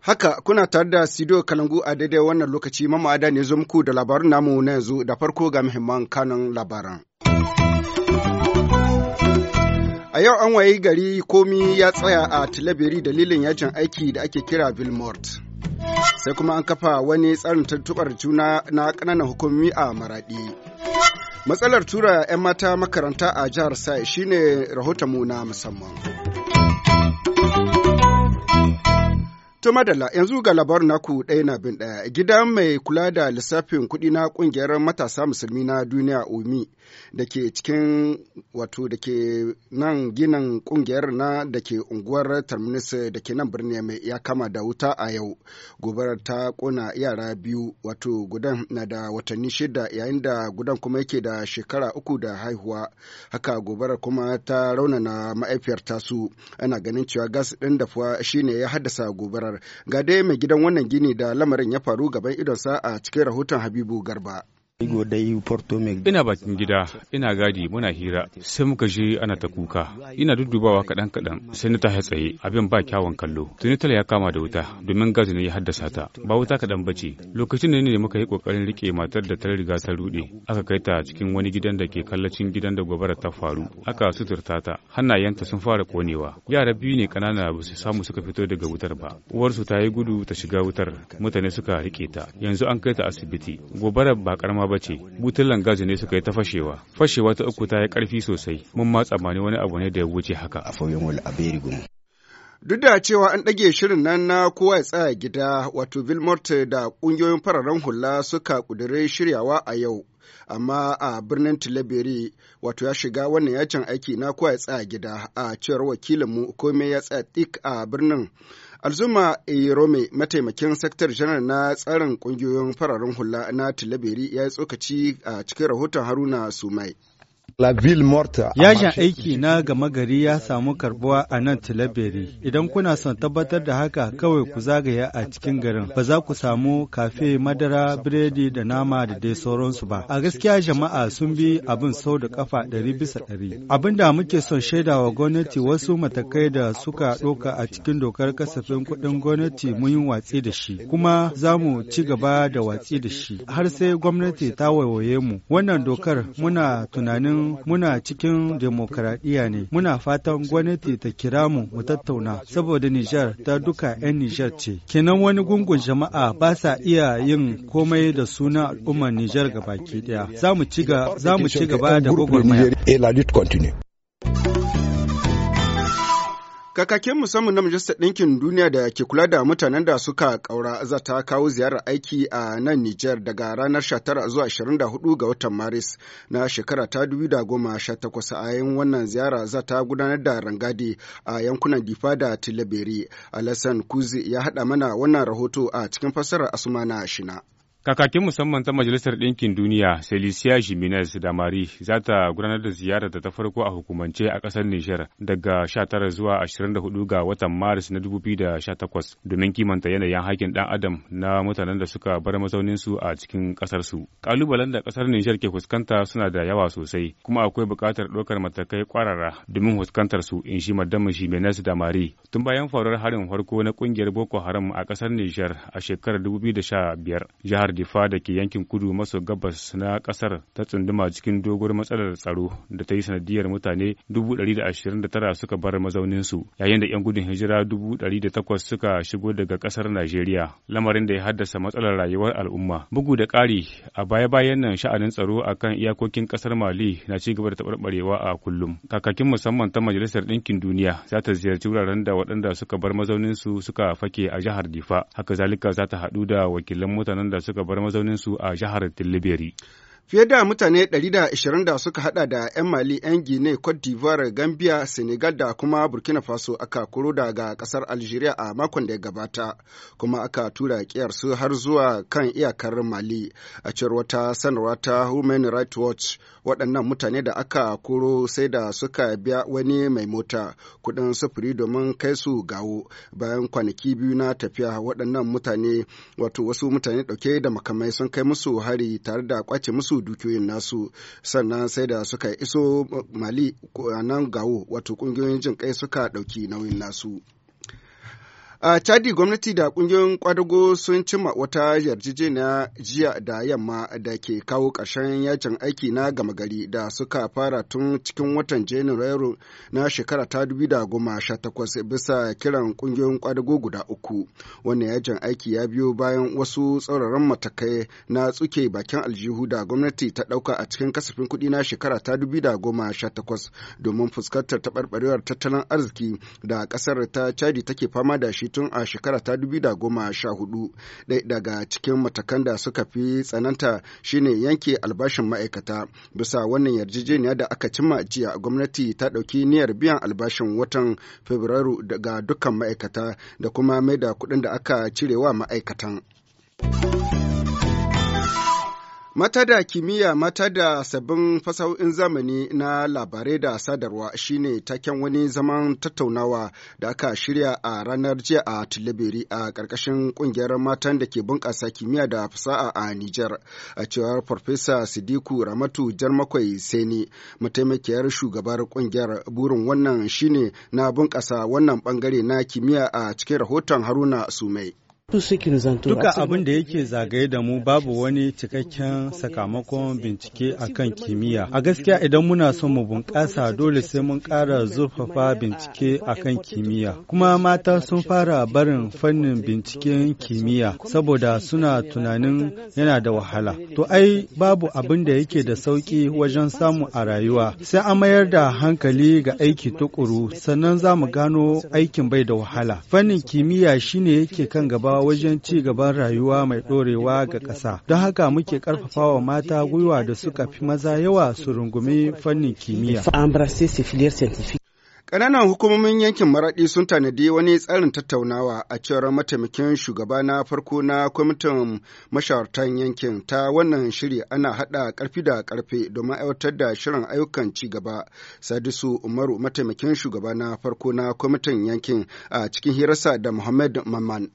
Haka kuna tare da studio Kalangu a daidai wannan lokaci mamada ne zo muku da labarin namu na yanzu da farko ga muhimman kanan labaran. A yau an wayi gari komi ya tsaya a Tilabiri dalilin yajin aiki da ake kira Vilmort. sai kuma an kafa wani tsarin tattubar juna na ƙananan hukumomi a maraɗi. Matsalar tura 'yan mata makaranta a jihar Sai shine rahoton mu na musamman. wato madalla yanzu ga labar naku ɗaya na bin ɗaya gida mai kula da lissafin kuɗi na ƙungiyar matasa musulmi na duniya omi da ke cikin wato da ke nan ginin ƙungiyar na da ke unguwar terminus da ke nan birni mai ya kama da wuta a yau gobarar ta ƙona yara biyu wato gudan na da watanni shida yayin da gudan kuma yake da shekara uku da haihuwa haka gobarar kuma ta raunana ma'aifiyar tasu ana ganin cewa gas ɗin dafuwa shine ya haddasa gobarar ga dai mai gidan wannan gini da lamarin ya faru gaban idonsa a cikin rahoton habibu garba Ina bakin gida, ina gadi muna hira, sai muka je ana ta kuka. Ina duddubawa kaɗan kaɗan, sai na tashi tsaye, abin ba kyawun kallo. Tuni tala ya kama da wuta, domin gazi ne ya haddasa ta. Ba wuta kaɗan ba ce Lokacin ne ne muka yi ƙoƙarin riƙe, matar da ta riga ta ruɗe. Aka kai ta cikin wani gidan da ke kallacin gidan da gobara ta faru. Aka suturta ta, hannayenta sun fara ƙonewa Yara biyu ne ƙanana ba su samu suka fito daga wutar ba. Uwarsu ta yi gudu ta shiga wutar, mutane suka rike ta. Yanzu an kai ta asibiti. Gobara ba ƙarama ba ce butulan ne suka yi ta fashewa fashewa ta uku ta yi karfi sosai mun ma tsammani wani abu ne da ya wuce haka duk da cewa an ɗage shirin nan na kowa ya tsaya gida wato vilmort da ƙungiyoyin fararen hula suka ƙudure shiryawa a yau amma a birnin tilaberi wato ya shiga wannan yacin aiki na kowa ya tsaya gida a cewar wakilinmu komai ya tsaya tik a birnin Alzuma Irome mataimakin sektar janar na tsarin kungiyoyin fararen hula na Tilaberi ya yi tsokaci a cikin rahoton Haruna Sumai. Yajin aiki na gama gari ya samu karbuwa a nan Tilaberi. Idan kuna son tabbatar da haka kawai ku zagaya a cikin garin, ba za ku samu kafe, madara, biredi da nama da dai sauransu ba. A gaskiya jama'a sun bi abin sau da kafa ɗari bisa ɗari. Abin da muke son shaida wa gwamnati wasu matakai da suka ɗauka a cikin dokar kasafin kuɗin gwamnati mun yi watsi da shi, kuma za mu ci gaba da watsi da shi har sai gwamnati ta waiwaye mu. Wannan dokar muna tunanin muna cikin demokaradiyya ne. Muna fatan gwamnati ta kira mu mu tattauna saboda Nijar ta duka 'yan Nijar ce. Kenan wani gungun jama'a ba sa iya yin komai da suna al'ummar Nijar gabaki daya. Za mu ci gaba da gwagwarmaya. Kakakin musamman na Majalisar Ɗinkin Duniya da ke kula da mutanen da suka ƙaura za ta kawo ziyarar aiki a nan Nijar daga ranar 19 zuwa 24 ga watan Maris na shekara ta 2018 a yin wannan ziyara za ta gudanar da rangadi a yankunan Difa da Tilaberi. Alassan Kuzi ya haɗa mana wannan rahoto a cikin fassarar Asumana Shina. Kakakin musamman ta Majalisar Ɗinkin Duniya, Celicia Jimenez da Mari, za ta gudanar da ziyarar ta farko a hukumance a ƙasar Nijar daga 19 zuwa 24 ga watan Maris na 2018 domin kimanta yanayin haƙƙin ɗan adam na mutanen da suka bar mazauninsu a cikin ƙasarsu. Ƙalubalen da ƙasar Nijar ke fuskanta suna da yawa sosai, kuma akwai buƙatar ɗaukar matakai ƙwarara domin fuskantar su, in shi Madam Jimenez da Mari. Tun bayan faruwar harin farko na ƙungiyar Boko Haram a ƙasar Nijar a shekarar 2015, jihar jihar Difa da ke yankin kudu maso gabas na kasar ta tsunduma cikin doguwar matsalar tsaro da ta yi sanadiyar mutane 129 suka bar mazauninsu yayin da 'yan gudun hijira 800 suka shigo daga kasar Najeriya lamarin da ya haddasa matsalar rayuwar al'umma. Bugu da ƙari a baya-bayan nan sha'anin tsaro a kan iyakokin kasar Mali na ci gaba da taɓarɓarewa a kullum. Kakakin musamman ta Majalisar Ɗinkin Duniya za ta ziyarci wuraren da waɗanda suka bar mazauninsu suka fake a jihar Difa. Haka zalika za ta haɗu da wakilan mutanen da suka suka bar su a jihar Tilibiri. Fiye da mutane 120 da suka hada da 'yan Mali, 'yan Guinea, Cote d'Ivoire, Gambia, Senegal da kuma Burkina Faso aka koro daga kasar Algeria a makon da ya gabata, kuma aka tura kiyar su har zuwa kan iyakar Mali. A cewar wata sanarwa ta Human Rights Watch, waɗannan mutane da aka koro sai da suka biya wani mai mota kuɗin sufuri domin kai su gawo. Bayan kwanaki biyu na tafiya waɗannan mutane, wato wasu mutane ɗauke da makamai sun kai musu hari tare da ƙwace musu dukiyoyin nasu sannan sai da suka iso mali nan gawo wato kungiyoyin jin kai suka ɗauki nauyin nasu. A Chadi gwamnati da kungiyoyin kwadago sun cimma wata yarjejeniya jiya da yamma da ke kawo ƙarshen yajin aiki na gama gari da suka fara tun cikin watan Janairu na shekara ta takwas bisa kiran kungiyoyin kwadago guda uku. Wannan yajin aiki ya biyo bayan wasu tsauraran matakai na tsuke bakin aljihu da gwamnati ta ɗauka a cikin kasafin kuɗi na shekara ta takwas domin fuskantar taɓarɓarewar tattalin arziki da ƙasar ta Chadi take fama da shi tun a shekara ta hudu ɗaya daga cikin matakan da suka fi tsananta shine yanke albashin ma'aikata bisa wannan yarjejeniya da aka cimma jiya gwamnati ta ɗauki niyyar biyan albashin watan fabrairu daga dukkan ma'aikata da kuma mai da kuɗin da aka cirewa ma'aikatan. Mata da kimiyya mata da sabbin fasahohin zamani na labarai da sadarwa shine taken wani zaman tattaunawa da aka shirya a ranar jiya a Tilibiri a ƙarƙashin ƙungiyar matan da ke bunƙasa kimiyya da fasaha a Nijar. A cewar Farfesa Sidiku Ramatu Jarmakwai Seni, mataimakiyar shugabar ƙungiyar burin wannan shine na bunƙasa wannan ɓangare na kimiyya a cikin rahoton Haruna Sumai. Duka abin da yake zagaye da mu babu wani cikakken sakamakon bincike a kan kimiyya. A gaskiya idan muna son mu bunƙasa dole sai mun ƙara zurfafa bincike a kan kimiyya. Kuma mata sun fara barin fannin binciken kimiyya saboda suna tunanin yana da wahala. To ai babu abin da yake da sauƙi wajen samu a rayuwa. Sai an mayar da hankali ga aiki tukuru sannan za mu gano aikin bai da wahala. Fannin kimiyya shine yake kan gaba wajen ci gaban rayuwa mai ɗorewa ga ƙasa. Don haka muke ƙarfafawa mata gwiwa da suka fi maza yawa su rungumi fannin kimiyya. Ƙananan hukumomin yankin Maraɗi sun tanadi wani tsarin tattaunawa a cewar mataimakin shugaba na farko na kwamitin mashawartan yankin ta wannan shiri ana haɗa ƙarfi da ƙarfe domin aiwatar da shirin ayyukan ci gaba. Sadisu Umaru mataimakin shugaba na farko na kwamitin yankin a cikin hirarsa da Muhammad Maman.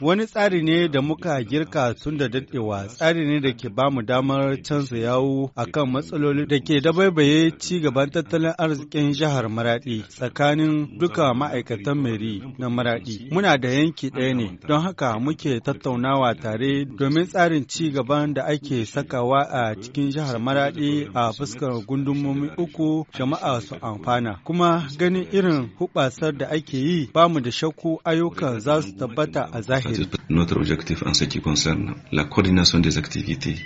Wani tsari ne da muka girka tun da daɗewa tsari ne da ke bamu damar canza yawo kan matsaloli da ke dabaibaye ci gaban tattalin arzikin jihar Maraɗi tsakanin duka ma'aikatan meri na Maraɗi, Muna da yanki ɗaya ne don haka muke tattaunawa tare domin tsarin ci gaban da ake sakawa a cikin jihar Maraɗi a fuskar gundumomi uku jama'a su amfana. Kuma ganin irin hubasar da ake yi bamu da shakku ayyuka za su tabbata a zahiri. Notre objectif en ce qui concerne la coordination des activités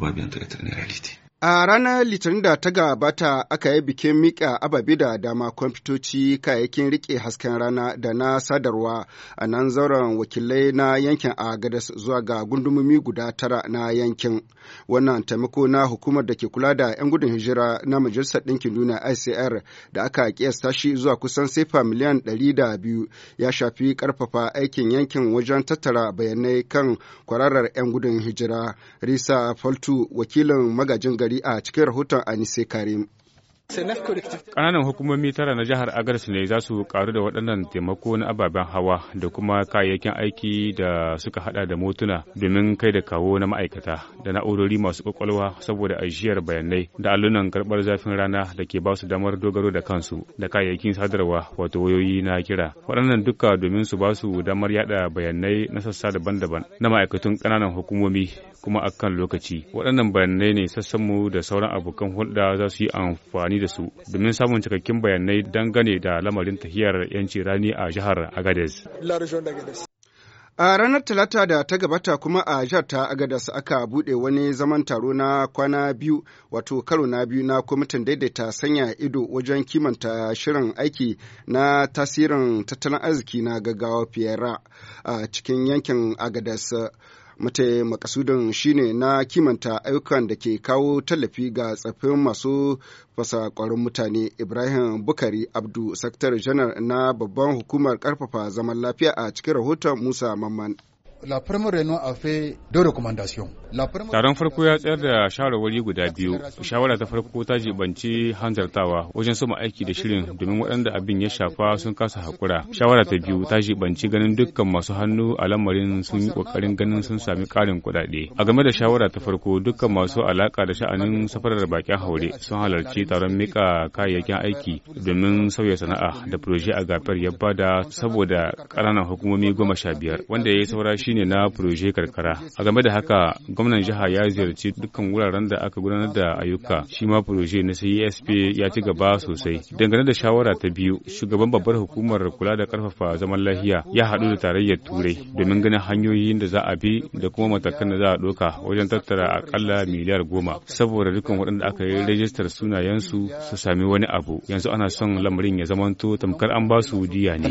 va bientôt être une réalité. A ranar Litinin da ta gabata aka yi bikin mika ababi da dama kwamfutoci kayayyakin rike hasken rana da na sadarwa a nan zauren wakilai na yankin Agadas zuwa ga gundumomi guda tara na yankin. Wannan taimako na hukumar da ke kula da 'yan gudun hijira na Majalisar Ɗinkin Duniya ICR da aka kiyasta shi zuwa kusan sefa miliyan ɗari da biyu ya shafi ƙarfafa aikin yankin wajen tattara bayanai kan kwararar 'yan gudun hijira. Risa Faltu wakilin magajin gari gari a cikin rahoton Anise Karim. Ƙananan hukumomi tara na jihar Agadez ne za su karu da waɗannan taimako na ababen hawa da kuma kayayyakin aiki da suka hada da motuna domin kai da kawo na ma'aikata da na'urori masu ƙwaƙwalwa saboda ajiyar bayanai da allunan karɓar zafin rana da ke ba su damar dogaro da kansu da kayayyakin sadarwa wato wayoyi na kira. Waɗannan duka domin su ba su damar yada bayanai na sassa daban-daban na ma'aikatun kananan hukumomi kuma a kan lokaci waɗannan bayanai ne sassanmu da sauran abokan hulɗa za su yi amfani da su domin samun cikakken bayanai dangane da lamarin tahiyar 'yanci rani a jihar agadez A ranar Talata da ta gabata kuma a jihar ta Agadas aka buɗe wani zaman taro na kwana biyu wato karo na biyu na kwamitin daidaita sanya ido wajen kimanta shirin aiki na tasirin tattalin arziki na gaggawa fiyera a cikin yankin Agadas. mata makasudin shine na kimanta ayyukan da ke kawo tallafi ga tsaffin masu fasa kwarin mutane ibrahim bukari abdu sakatare janar na babban hukumar karfafa zaman lafiya a cikin rahoton musa mamman Taron farko ya tsayar da shawarwari guda biyu. Shawara ta farko ta jibanci hanzartawa wajen soma aiki da shirin domin waɗanda abin ya shafa sun kasa haƙura. Shawara ta biyu ta jibanci ganin dukkan masu hannu a lamarin sun yi ƙoƙarin ganin sun sami ƙarin kuɗaɗe. A game da shawara ta farko dukkan masu alaƙa da sha'anin safarar bakin haure sun halarci taron mika kayayyakin aiki domin sauya sana'a da proje a gafar ya bada saboda ƙananan hukumomi goma sha biyar wanda ya yi saura shine na proje karkara. A game da haka gwamnan jiha ya ziyarci dukkan wuraren da aka gudanar da ayyuka shi ma proje na CSP e ya ci gaba sosai. Dangane da shawara ta biyu shugaban babbar hukumar kula da karfafa zaman lafiya ya haɗu da tarayyar turai domin ganin hanyoyin da za a bi da kuma matakan da za a ɗauka wajen tattara akalla miliyar goma saboda dukkan waɗanda aka yi rajistar sunayensu su sami wani abu yanzu ana son lamarin ya zamanto tamkar an ba su diya ne.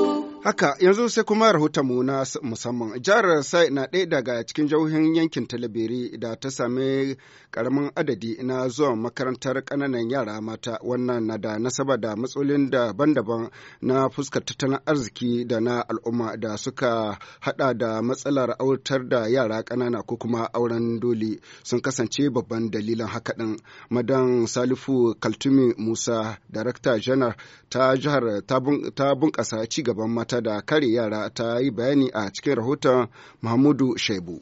Haka yanzu sai kuma rahoton mu na musamman. Jihar Sai na ɗaya daga cikin jihohin yankin Talabiri da ta sami ƙaramin adadi na zuwa makarantar ƙananan yara mata wannan na da nasaba da matsalolin daban-daban na fuskar tattalin arziki da na al'umma da suka hada da matsalar autar da yara ƙanana ko kuma auren dole sun kasance babban dalilin haka ɗin. Madan Salifu Kaltumi Musa, Darakta Janar ta jihar ta bunƙasa ci gaban mata ta da kare yara ta yi bayani a cikin rahoton Mahmudu Shaibu.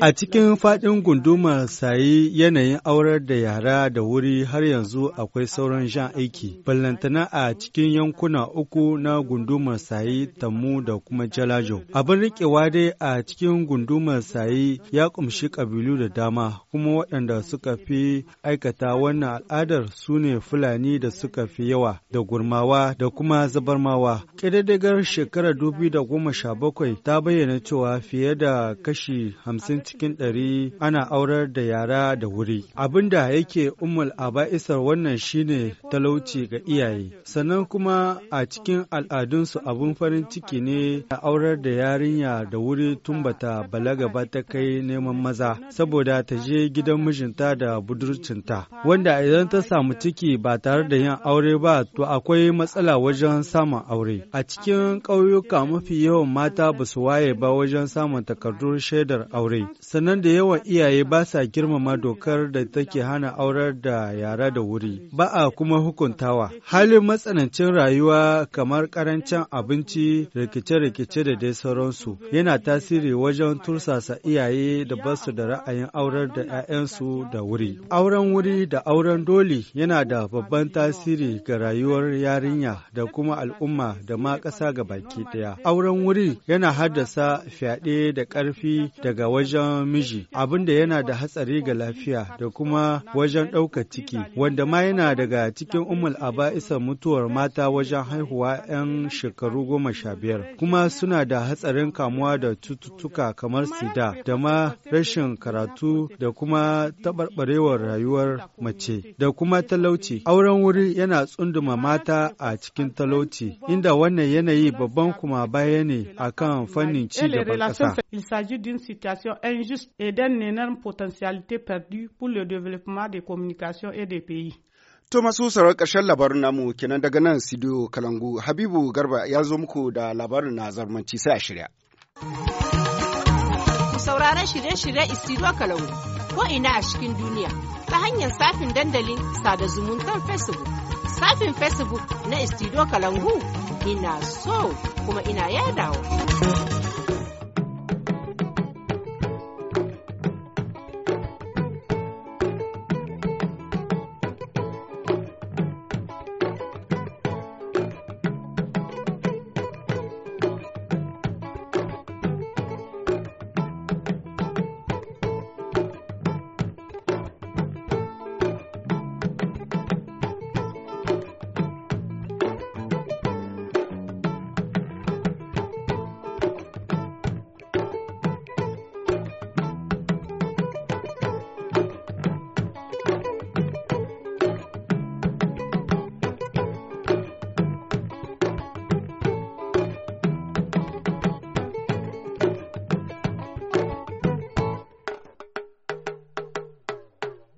A cikin faɗin gundumar sayi yanayin aurar da yara da wuri har yanzu akwai sauran jan aiki, ballantana a cikin yankuna uku na gundumar sayi tamu da kuma jalajo. Abin riƙewa dai a cikin gundumar sayi ya ƙumshi ƙabilu da dama, kuma waɗanda suka fi aikata wannan al'adar su ne Fulani da suka fi yawa, da gurmawa da kuma zabarmawa. Ƙididdigar shekarar bakwai ta bayyana cewa fiye fiye da kashi hamsin cikin ɗari ana aurar da yara da wuri. Abin da yake umul aba'isar wannan shine talauci ga iyaye. Sannan kuma a cikin al'adunsu abin farin ciki ne a aurar da yarinya da wuri tun bata balaga ba ta kai neman maza saboda ta je gidan mijinta da budurcinta. Wanda idan ta samu ciki ba tare da yin aure ba to akwai matsala wajen samun aure. A cikin ƙauyuka mafi yawan mata ba su waye ba wajen samun samun takardun shaidar aure. Sannan da yawan iyaye ba sa girmama dokar da take hana aurar da yara da wuri, ba a kuma hukuntawa. Halin matsanancin rayuwa kamar karancin abinci, rikice-rikice da dai sauransu yana tasiri wajen tursasa iyaye da basu da ra'ayin aurar da 'ya'yansu da wuri. Auren wuri da auren doli yana da babban tasiri ga rayuwar yarinya da kuma al'umma da ma ƙasa ga baki ɗaya. Auren wuri yana haddasa fyaɗe da ƙarfi daga wajen miji abin da yana da hatsari ga lafiya da kuma wajen ɗaukar ciki wanda ma yana daga cikin umul aba'isa mutuwar mata wajen haihuwa 'yan shekaru goma sha biyar kuma suna da hatsarin kamuwa da cututtuka kamar sida da ma rashin karatu da kuma taɓarɓarewar rayuwar mace da kuma talauci auren wuri yana tsunduma mata a cikin talauci inda wannan yanayi babban kuma baya ne akan fannin ci gaban ƙasa Il s'agit d'une situation injuste et d'un énorme potentialité perdue pour le développement des communications et des pays. Thomas masu ƙarshen labarin namu kenan daga nan Sidiyo Kalangu Habibu Garba ya zo muku da labarin na zarmanci sai a shirya. Ku sauraron shirye shiryen Isidiyo Kalangu ko ina a cikin duniya ta hanyar safin dandalin sada zumuntar Facebook. Safin Facebook na Isidiyo Kalangu ina so kuma ina yadawa.